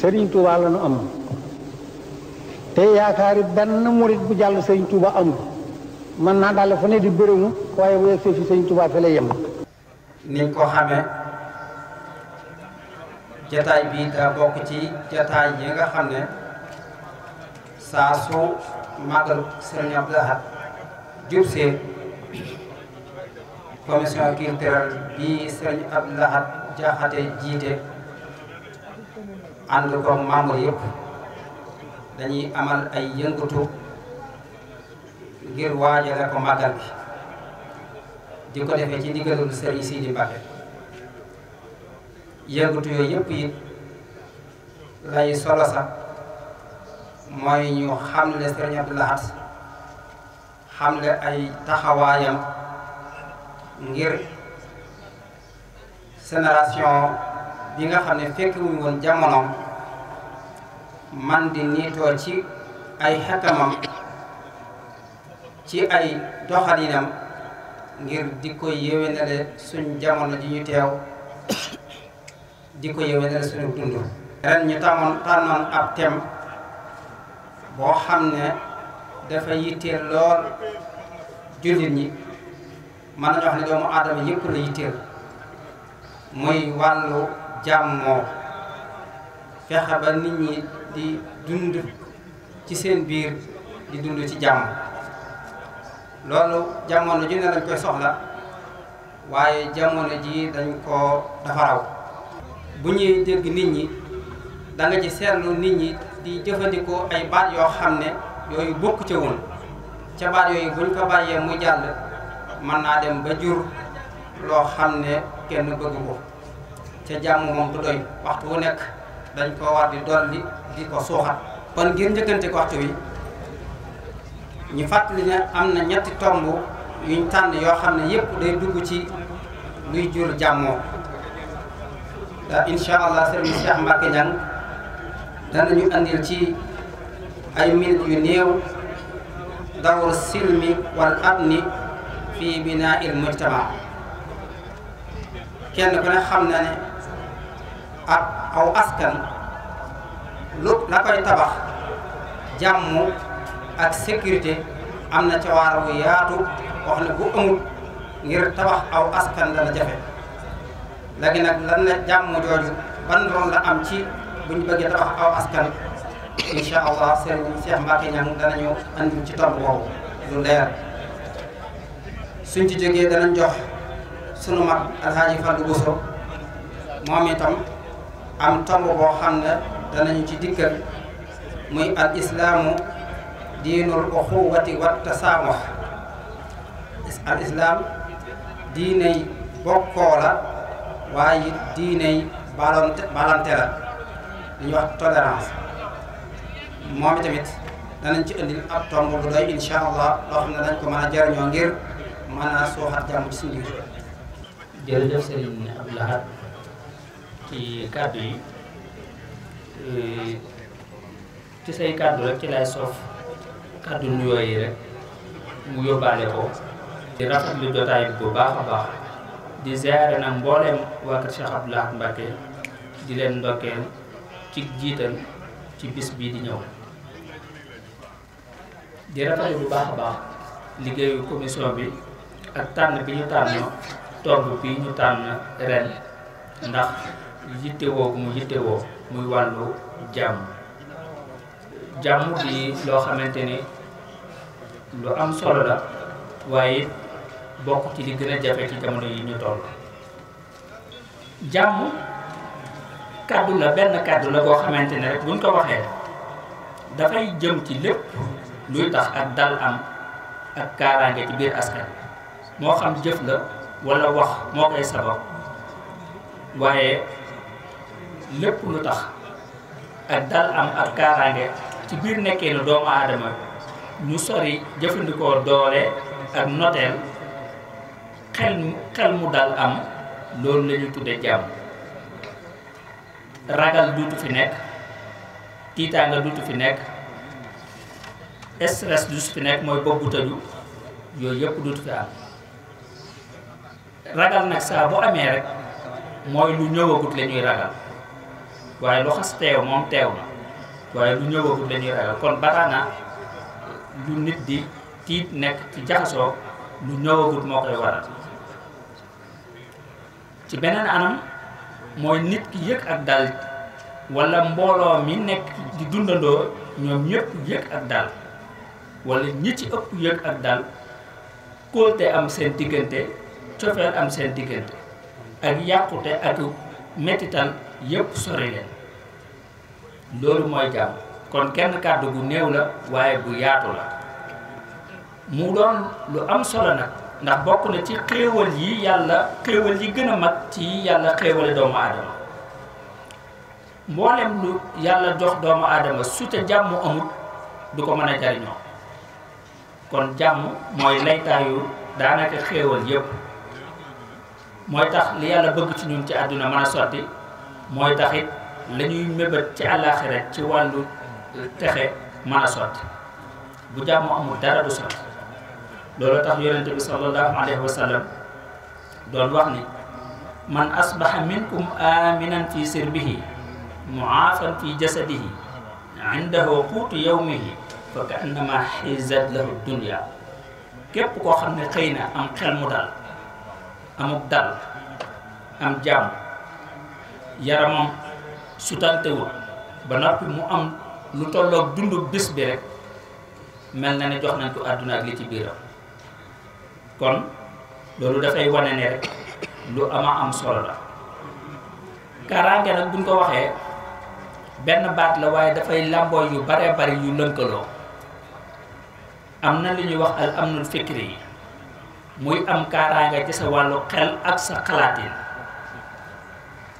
sëriñ Touba la nu am te yaakaari benn murit bu jàll sëriñ Touba amul mën naa daal fu ne di bërëmu waaye bu fi sëriñ Touba fi lay yem. niñ ko xamee jataay bi daa bokk ci jataay yi nga xam ne saa su màggal sëriñ Abdou Lahad jub commission culturelle bi sëriñ Abdou Lahad Diakhaté jiite. ànd ko membre yëpp dañuy amal ay yëngatu ngir waajale ko màggal bi di ko defee ci ndigalul Serigne Sidi Mbacké yëngatu yooyu yëpp it lay solo sax mooy ñu xamle Serigne Abdou Lahad xamle ay taxawaayam ngir génération bi nga xam ne fekk wuñ woon jamonoom man di niitoo ci ay xekamam ci ay doxalinam ngir di ko yéwénale suñ jamono ji ñu teew di ko yéwénale suñu dund ren ñu tàmmoon tànnoon ab thème boo xam ne dafa yitteel lool jullit ñi mën nañu wax ne doomu aadama yëpp la yitteel muy wàllu jàmmoo fexe ba nit ñi di dund ci seen biir di dund ci jàmm loolu jamono ji ne lañ koy soxla waaye jamono ji dañ ko dafa raw bu ñuy dégg nit ñi da ci seetlu nit ñi di jëfandikoo ay baat yoo xam ne yooyu bokk ca woon ca baat yooyu buñ ko bàyyee mu jàll mën naa dem ba jur loo xam ne kenn bëgg te jàmm moom du doy waxtu wu nekk dañ ko war di dolli di ko suuxat kon ngir njëkkante waxtu bi ñu fàttali ne am na ñetti tomb yuñ tànn yoo xam ne yëpp day dugg ci luy jur jàmmoo da incha allah sëriñ Cheikh Mbacke Niang danañu andil ci ay minutes yu néew dawru silmi wal amni fii binaa il mujtama kenn ku ne xam na ne ak aw askan lu la koy tabax jàmm ak sécurité am na ca waar yaatu wax ne bu amul ngir tabax aw askan dana jafe léegi nag lan la jàmm jooju ban doon la am ci buñ bëggee tabax aw askan incha allah sëriñ Cheikh Mbacke ñam danañu andil ci tomb boobu lu leer suñ ci jógee danañ jox sunu mag alhaaji Fallou Bousso moom itam am tongo boo xam ne danañu ci dikkal muy al islaamu diinul uxuwati wa tasaamox al islaam diiney bokkoo la waaye it diiney balante balante la li ñuy wax tolérance moom tamit danañ ci indil ab tomb bu doy incha allah loo xam ne dañ ko mën a jariñoo ngir mën a suuxat jàmm ci suñu biir jërëjëf Serigne Abdou Lahad ci kàddu yi ci say kàddu rek ci lay soof kàddu nuyoo yi rek mu yóbbaale ko di rafetlu jotaay bi bu baax a baax di ziare nag mbooleem waa kër Cheikh Abdou di leen ndokkeel ci jiital ci bis bii di ñëw di rafetlu bu baax a baax liggéeyu commission bi ak tànn bi ñu tànn tomb bii ñu tànn ren ndax yitte woo ko mu yitte woo muy wàllu jàmm jàmm di loo xamante ni lu am solo la waaye bokk ci li gën a jafe ci jamono yi ñu toll jàmm kàddu la benn kàddu la boo xamante ne rek buñ ko waxee dafay jëm ci lépp luy tax ak dal am ak kaaraange ci biir askan moo xam jëf la walla wax moo koy sabab waaye lépp lu tax ak dal am ak kaaraange ci biir nekkee nu doomu aadama ñu sori jëfandikoo doole ak noteel xel mu dal am loolu la ñu tudde jàmm ragal duutu fi nekk tiitaanga duutu fi nekk stress duutu fi nekk mooy bopp bu yooyu yëpp duutu fi am ragal nag saa bu amee rek mooy lu ñëwagut la ñuy ragal waaye lu xas teew moom teew na waaye lu ñëwagul dañuy ragal kon bataana lu nit di tiit nekk ci jaxasoo lu ñëwagul moo koy waral ci beneen anam mooy nit ki yëg ak dal wala mbooloo mi nekk di dundandoo ñoom ñëpp yëg ak dal wala ñi ci ëpp yëg ak dal kóolte am seen diggante cofeel am seen diggante ak yàqute ak mettital yépp sori leen loolu mooy jàmm kon kenn kàddu gu néew la waaye bu yaatu la mu doon lu am solo nag ndax bokk na ci xéewal yi yàlla xéewal yi gëna a mag ci yàlla xéewale doomu aadama mboolem lu yàlla jox doomu aadama su ca jàmm amut du ko mën a jariñoo kon jàmm mooy laytaayu daanaka xéewal yépp mooy tax li yàlla bëgg ci ñun ci àdduna mën a sotti mooy taxit la mébét ci àllaaxira ci wàllu texe mën a bu jàmm amul dara du sotti loolu tax yonente bi sallallahu alayhi wa sallam doon wax ni man asbaha minkum aminan fi sirbihi muaafan fi jasadihi indahu quutu yawmihi fa ka annama lahu dunya képp koo xam ne xëy na am xel mu dal amuk dal am jàmm yaramam sutantewul ba noppi mu am lu tollook dundu bés bi rekk mel na ne jox nañ ko àdduna ak li ci biiram kon loolu dafay wane ne rek lu ama am solo la kaaraange nag buñ ko waxee benn baat la waaye dafay làmboo yu bare bari yu lënkaloo am na lu ñuy wax al amnul fikri yi muy am kaaraange ci sa wàllu xel ak sa xalaatin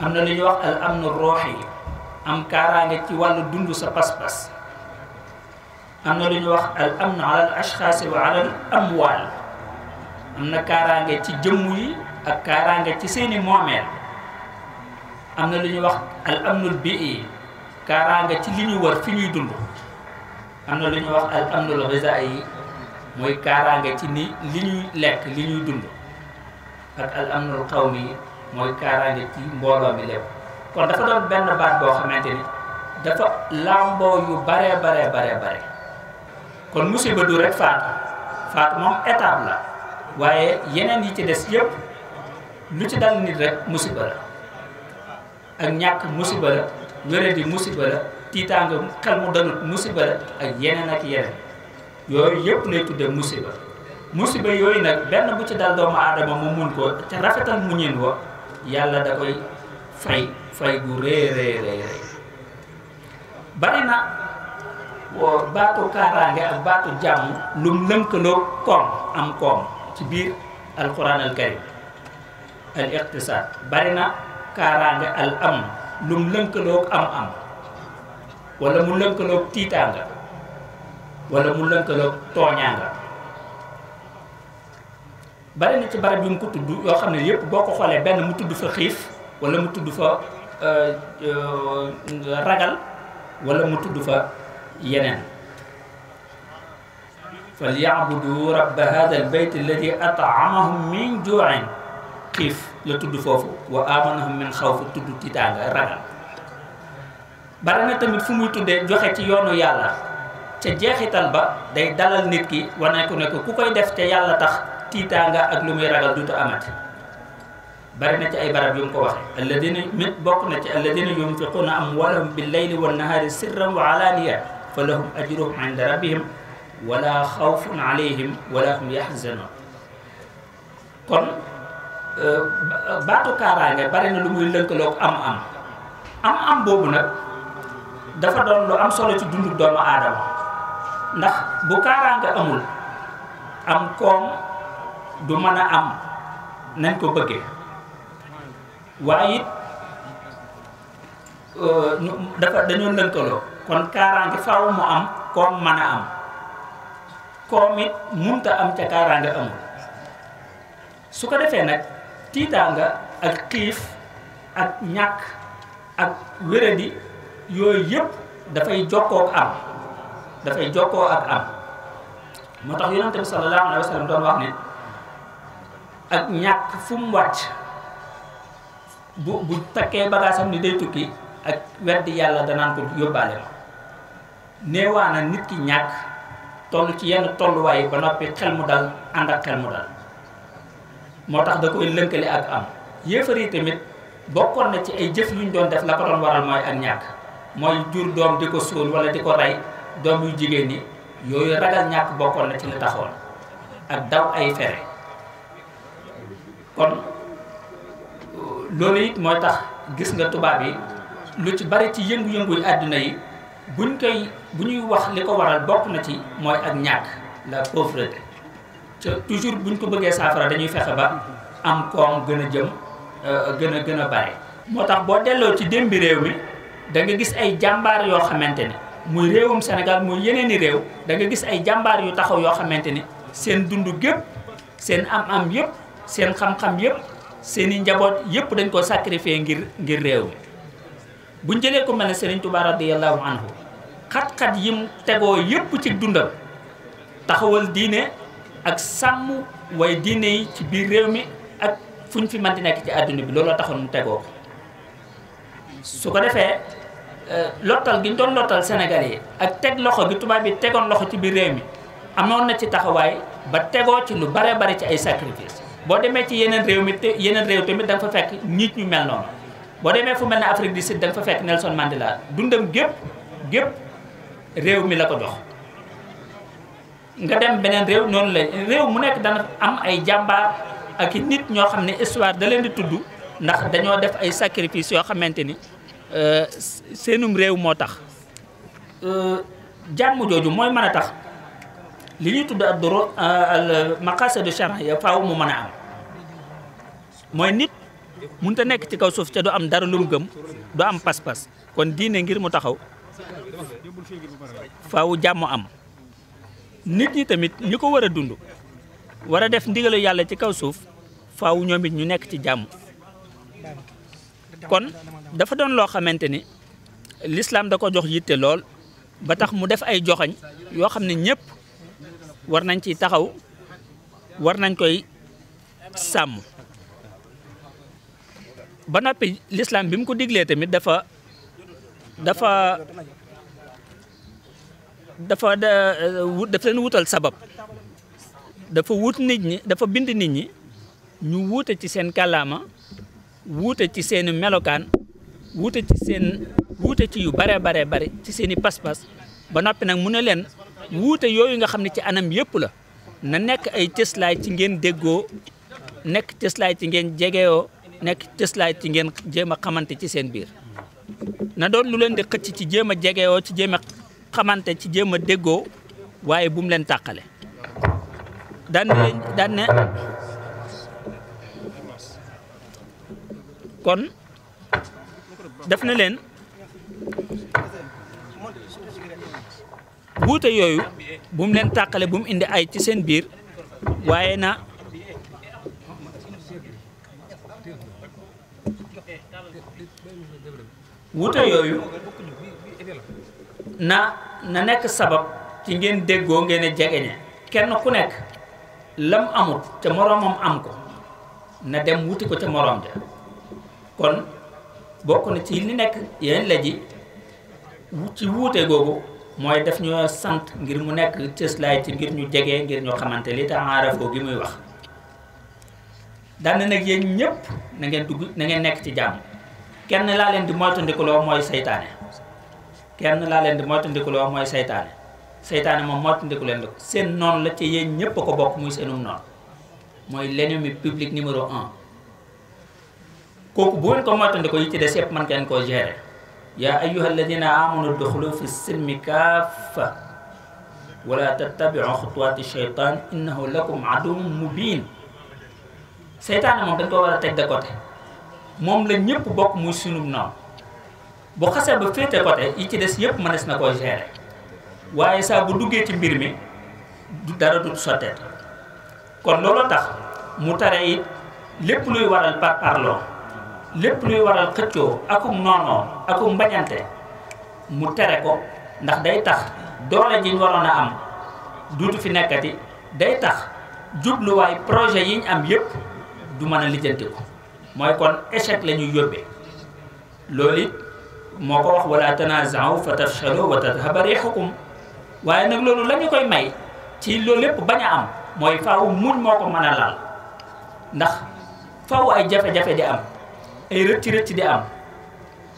am na lu ñuy wax al amnu rooxi am kaaraange ci wàll dund sa pas-pas am na lu ñuy wax al amnu ala ashxaasi wa ala al am na kaaraange ci jëmm yi ak kaaraange ci seeni moomeel am na lu ñuy wax al amnul bii kaaraange ci li ñu wër fi ñuy dund am na lu ñuy wax al amnul xisaa yi mooy kaaraange ci ni li ñuy lekk li ñuy dund ak al amnul xawmi mooy kaaraange ci mbooloo mi lépp kon dafa doon benn baat boo xamante ni dafa lamboo yu baree baree baree bare kon musiba du rek faatu faatu moom étape la waaye yeneen yi ci des yëpp lu ci dal nit rek musiba la ak ñàkk musiba la wéré di musiba la tiitaanga xel mu danut musiba la ak yeneen ak yeneen yooyu yëpp lay tudde musiba musiba yooyu nag benn bu ci dal doomu aadama mu mun ko ca rafetal mu ñin wa yàlla da koy fay fay gu rëy rëy rëy rëy woo baatu kaaraange ak baatu jàmm lu mu lënkaloo koom am koom ci biir alquran al karim al iqtisaad bari na kaaraange al am lu mu lënkaloo am am walla mu lënkaloo tiitaanga wala mu lënkaloo tooñaanga bari na ci barab bi mu ko tudd yoo xam ne yëpp boo ko xoolee benn mu tudd fa xiif wala mu tudd fa euh, euh, ragal wala mu tudd fa yeneen fal yacbudu rabba hada albayt alladi at'amahum min la tudd foofu wa amanahum min xawf tudd tamit fu muy tuddee joxe ci yoonu yàlla ca jeexital ba day dalal nit ki wane ko ne ku koy def ca yàlla tax tiitaanga ak lu muy ragal duutu amati bari na ci ay barab yu waxe alladina mit bokk na ci alladina yunfiquuna amwaalahum bil layli wan nahaari sirran wa alaaniya fa lahum ajruhum inda rabbihim wala xawfun alayhim kon euh, baatu kaaraange bari na lu muy lënkaloog am-am am-am boobu nag dafa doon lu am solo ci dundu doomu aadama ndax bu kaaraange amul am koom. du mën a am nañ ko bëggee waaye it euh, dafa dañoo lënkaloo kon kaaraange faaw mu am koom mën a am koom it munta am ca kaaraange amul su ko defee nag tiitaanga ak xiif ak ñàkk ak wéradi yooyu yëpp dafay jokkoo ak am dafay jokkoo ak am moo tax yonente bi sallallahu alayhi wa sallam doon wax ne ak ñàkk fu mu wàcc bu bu takkee bagaasam ni day tukki ak weddi yàlla danaan ko yóbbaale ma néewaana nit ki ñàkk toll ci yenn tolluwaay ba noppi xel mu dal ànd ak xel mu dal moo tax da koy lënkale ak am yéefar yi tamit bokkoon na ci ay jëf yu ñu doon def la ko doon waral mooy ak ñàkk mooy jur doom di ko suul wala di ko rey doom yu jigéen ñi yooyu ragal ñàkk bokkoon na ci li taxoon ak daw ay fere kon loolu it mooy tax gis nga tubaab yi lu ci bari ci yëngu-yëngu àdduna yi buñ koy bu ñuy wax li ko waral bokk na ci mooy ak ñàkk la pauvreté te toujours buñ ko bëggee saafara dañuy fexe ba am koom gën a jëm euh, gën a gën a bare. moo tax boo delloo ci démbi réew mi da nga gis ay jàmbaar yoo xamante ni muy réewum Sénégal muy yeneeni réew da nga gis ay jàmbaar yu taxaw yoo xamante ni seen dund gépp seen am-am yépp seen xam-xam yëpp seen i njaboot yëpp dañ koo sacrifié ngir ngir réew mi buñ jëlee ko mel na Serigne Touba radiyallahu anhu xat-xat yim tegoo yëpp ci dundal taxawal diine ak sàmm way diine yi ci biir réew mi ak fuñ fi mën di nekk ci àdduna bi looloo taxoon mu tegoo su ko defee euh, lottal gi ñu doon lottal senegal yi ak teg loxo gi tubaab yi tegoon loxo ci biir réew mi amoon na ci taxawaay ba tegoo ci lu bare bare ci ay sacrifice boo demee ci yeneen réew mi yeneen réew tamit da fa fekk nit ñu mel noonu boo demee fu mel ne Afrique da nga fa fekk Nelson Mandela dundam gépp gépp réew mi la ko dox nga dem beneen réew noonu la réew mu nekk dana am ay jàmbaar ak i nit ñoo xam ne histoire da leen di tudd ndax dañoo def ay sacrifice yoo xamante ni euh, seenum réew moo tax euh, jàmm jooju mooy mën a tax. li ñuy tudd ak doro al maqasidu shar'iyya faaw mu mën a am mooy nit mënut a nekk ci kaw suuf ca du am dara lu mu gëm du am pas-pas kon diine ngir mu taxaw faaw jàmm am nit ñi tamit ñi ko war a dund war a def ndigalu yàlla ci kaw suuf faw ñoomit ñu nekk ci jàmm kon dafa doon loo xamante ni l'islam da ko jox yitte lool ba tax mu def ay joxañ yoo xam ne ñëpp war nañ ci taxaw war nañ koy sàmm ba noppi lislaam bi mu ko diglee tamit dafa dafa dafa daf leen wutal sabab dafa wut nit ñi dafa bind nit ñi ñu wuute ci seen kàllaama wuute ci seeni melokaan wuute ci seen wuute ci yu bare bare bare ci seeni pas-pas ba noppi nag mu ne leen wuute yooyu nga xam ne ci anam yépp la na nekk ay cëslaay ci ngeen déggoo nekk cëslaay ci ngeen jegeyoo nekk cëslaay ci ngeen jéem a xamante ci seen biir na doon lu leen di xëcc ci jéem a jegeyoo ci jéem xamante ci jéem a déggoo waaye bu mu leen tàqale daan ne daan ne kon def na leen wuute yooyu bu mu leen tàqale bu mu indi ay ci seen biir waaye na wuute yooyu na na nekk sabab ci ngeen déggoo ngeen a kenn ku nekk lam amut te moroomam am ko na dem wuti ko ca morom ja kon bokk na ci li nekk yeneen la ji ci wuute googu mooy def ñoo sant ngir mu nekk cëslaay ci ngir ñu jege ngir ñu xamante li taarafoo gi muy wax daan nag yéen ñëpp na ngeen dugg na ngeen nekk ci jàmm kenn laa leen di moytandikuloo mooy seytaane kenn laa leen di moytandikuloo mooy seytaane seytaane moom moytandiku leen ko seen noonu la ci yéen ñëpp a ko bokk muy seenum noonu mooy l'ennemi public numéro un kooku bu ngeen ko moytandiko yi ci des yëpp man ngeen koo gérer. yaa ayyuha alladina amanu duxulu fi silmi kaafa wala tattabiu xutuwaati shaytaan innahu lakum aduwwun mubin seytaane moom dañ ko war a teg de côté moom la ñëpp bokk muy sunub noonu bu xasee ba féete côté yi ci des yëpp mënees na koy gérer waaye saa bu duggee ci mbir mi du dara du sotteet kon loolu tax mu tare it lépp luy waral par parloo lépp luy waral xëccoo akum noonoo akum mbañante mu tere ko ndax day tax doole ji ñu waroon a am duutu fi nekkati day tax jubluwaay projet yi am yépp du mën a lijjanti ko mooy kon échec la ñuy yóbbee loolu it moo ko wax wala tanaaza'u fa tafshalu wa tadhhaba riihukum waaye nag loolu lañu koy may ci loolu lépp bañ a am mooy faaw muñ moo ko mën a laal ndax faaw ay jafe-jafe di am ay rëcc rëcc di am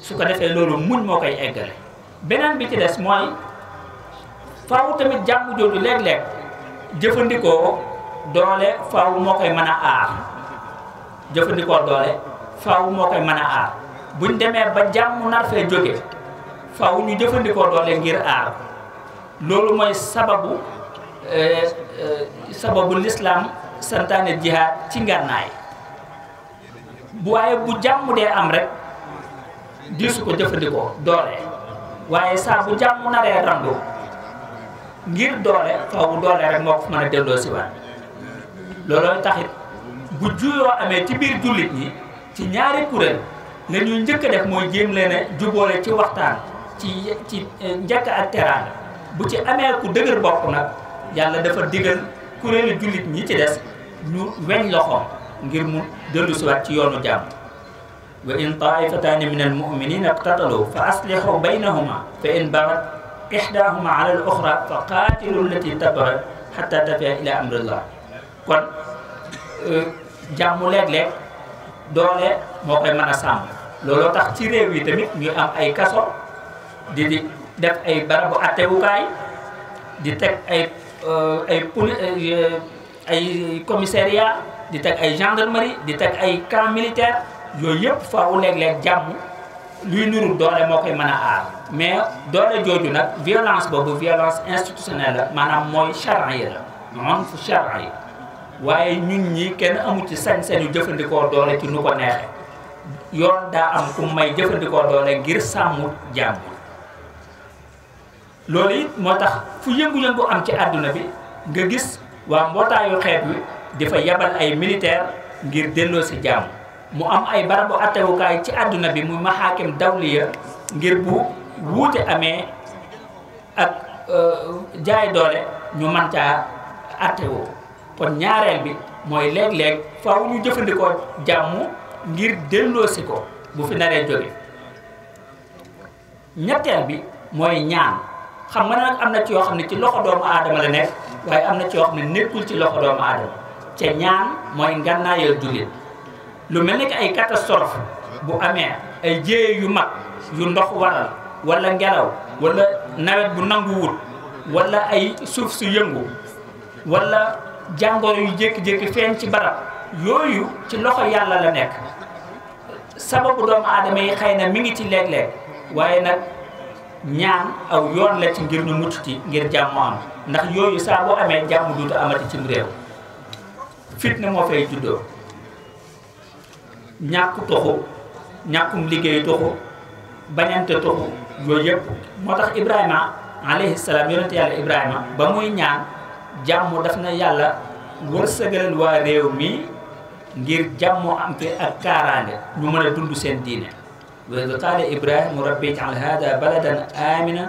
su ko defee loolu muñ moo koy eggale beneen bi ci des mooy faw tamit jàmm jooju léeg-léeg jëfandikoo doole faaw moo koy mën aar jëfandikoo doole faw moo koy mën a aar buñ demee ba jàmm nar fee jóge faaw ñu jëfandikoo doole ngir aar loolu mooy sababu eh, eh, sababu lislaam santaane jihaad ci ngànnaay bu waaye bu jàmm dee am rek diisu ko jëfandikoo doole waaye saa bu jàmm naree randu ngir doole faaw doore rek moo ko mën a delloo si waat taxit bu juyoo amee ci biir jullit ñi ci ñaari kuréel la ñuy njëkk a def mooy jéem leen a jubóole ci waxtaan ci ci eh, njëkk ak teraan bu ci amee ku dëgër bopp nag yàlla dafa digal kuréelu jullit ñi ci des ñu weñ loxoom ngir mu dellu siwaat ci yoonu jàmm wa in taifataani min almuminina iqtatalu fa aslihu baynahuma fa in bagat ixdahuma ala al oxra fa qaatilu allati tabagat xatta tafia ila amrillah kon euh, jàmm léeg-léeg doole moo koy mën a sàmm looloo tax ci réew yi tamit ñu am ay kaso di di def ay barabu attewukaay di teg ay euh, ay euh, ay commissariat di teg ay gendarmerie di teg ay camp yooyu yëpp faaw léeg-léeg jàmm luy nuru doole moo koy mën a aar mais doole jooju nag violence boobu violence institutionnelle la maanaam mooy charan yi la noonu fu charan yi waaye ñun ñi kenn amu ci sañ-sañu jëfandikoo doole ci nu ko neexee yoon daa am ku may jëfandikoo doole ngir sàmmu jàmm loolu it moo tax fu yëngu-yëngu am ci àdduna bi nga gis waa mbootaayu xeet wi di fa yabal ay militaire ngir delloo si jàmm mu am ay barabu attewukaay ci àdduna bi mu maxaakim dawliya ngir bu wuute amee ak euh, jaay doole ñu mën caa attewoo kon ñaareel bi mooy léeg-léeg faaw ñu jëfandikoo jàmm ngir delloo si ko bu fi naree jóge ñetteel bi mooy ñaan xam nga naan am na ci yoo xam ne ci loxo doomu aadama la nekk waaye am na ci yoo xam ne nekkul ci loxo doomu aadama ca ñaan mooy ngànnaayal jullit lu mel ni que ay catastrophe bu amee ay jéye yu mag yu ndox waral walla ngelaw walla nawet bu nanguwut wala ay suuf su yëngu wala jàngoro yu jékki-jékki feeñ ci barab yooyu ci loxo yàlla la nekk sababu doomu aadama yi xëy na mi ngi ci léeg-léeg waaye nag ñaan aw yoon la ci ngir ñu mucc ngir jàmm am ndax yooyu saa bu amee jàmm duutu amati cim réew fitna moo fay juddoo ñàkk toxu ñàkkum liggéey toxu bañante toxu yooyu yëpp moo tax Ibrahima alayhi salaam yonente yàlla Ibrahima ba muy ñaan jàmm daf na yàlla wërsëgalal waa réew mi ngir jàmm am fi ak kaaraange ñu mën a dund seen diine wa id qaala ibrahimu rabbi ij'al hada baladan amina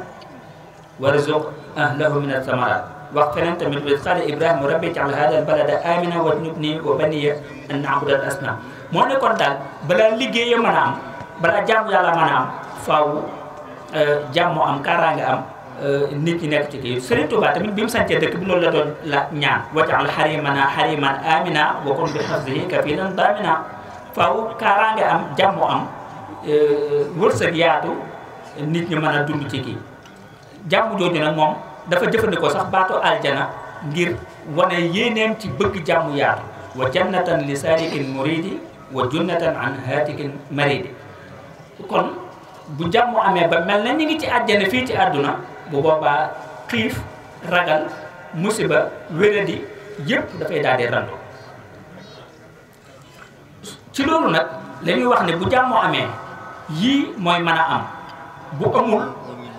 warzuq ahlahu min athamarat wax feneen tamit wa qaala ibrahima rabbi ij'al haadha al balada amina wajnubnii wa baniya an na'buda al asnaam moo ne kon daal balaa liggéeya mën a am balaa jàmm yàlla mën a am faaw euh, jàmm am kaaraanga am euh, nit ñi nekk ci kii Sëriñ Tuubaa tamit bi mu sancee dëkk bi loolu la doon la ñaan waj'al hariimana hariiman amina wa kun bi hifzihi kafiilan daamina faaw kaaraanga am jàmm am euh, wërsëg yaatu nit ñi mën a dund ci kii jàmm jooju nag moom dafa jëfandikoo sax baatu aljana ngir wane yéeneem ci bëgg jàmmu yaatu wa jannatan li sarikin muridi wa junnatan an hatikin maridi kon bu jàmm amee ba mel na ñu ngi ci àjjana fii ci àdduna bu boobaa xiif ragal musiba wéradi yépp dafay daal di randu ci loolu nag lañuy wax ne bu jàmm amee yii mooy mën a am bu amul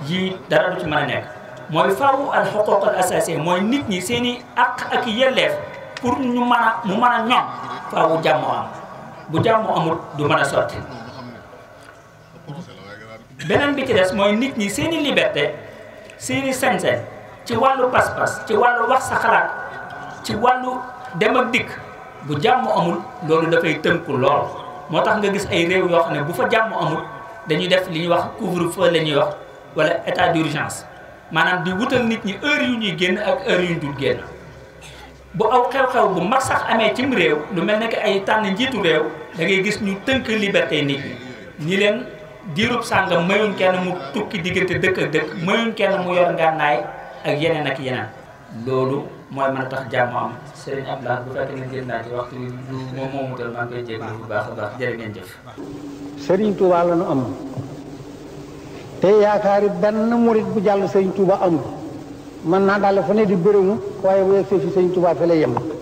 yii dara du ci mën a nekk mooy faru al xuquq al mooy nit ñi seen i àq ak yelleef pour ñu mën mu mën a ñoom faawu jàmm am bu jàmm amul du mën a sotti beneen bi ci des mooy nit ñi seeni i liberté seen i ci wàllu pas-pas ci wàllu wax sa xalaat ci wàllu dem ak dikk bu jàmmu amul loolu dafay tënku lool moo tax nga gis ay réew yoo xam ne bu fa jàmm amul dañuy def li ñuy wax couvre-feu la ñuy wax wala état d'urgence maanaam di wutal nit ñi heure yu ñuy génn ak heure yu ñu dul génn bu aw xew-xew bu mag sax amee cim réew lu mel ne que ay tànn njiitu réew da ngay gis ñu tënk liberté nit ñi nii leen diirub sàngam mayuñ kenn mu tukki diggante dëkk ak dëkk mayuñ kenn mu yor ngànnaay ak yeneen ak yeneen loolu mooy mën a tax jàmm am sëriñ Abdoulaye bu fekkee ne génn naa ci moom moomu tal maa ngi koy jéggi bu baax a baax jërë ngeen jëf sëriñ Tuubaa la te yaakaari benn murit bu jàll sëñ tuuba am mën naa daal fa ne di bërëmu waaye bu yegsee fi sëñ Touba fi lay yem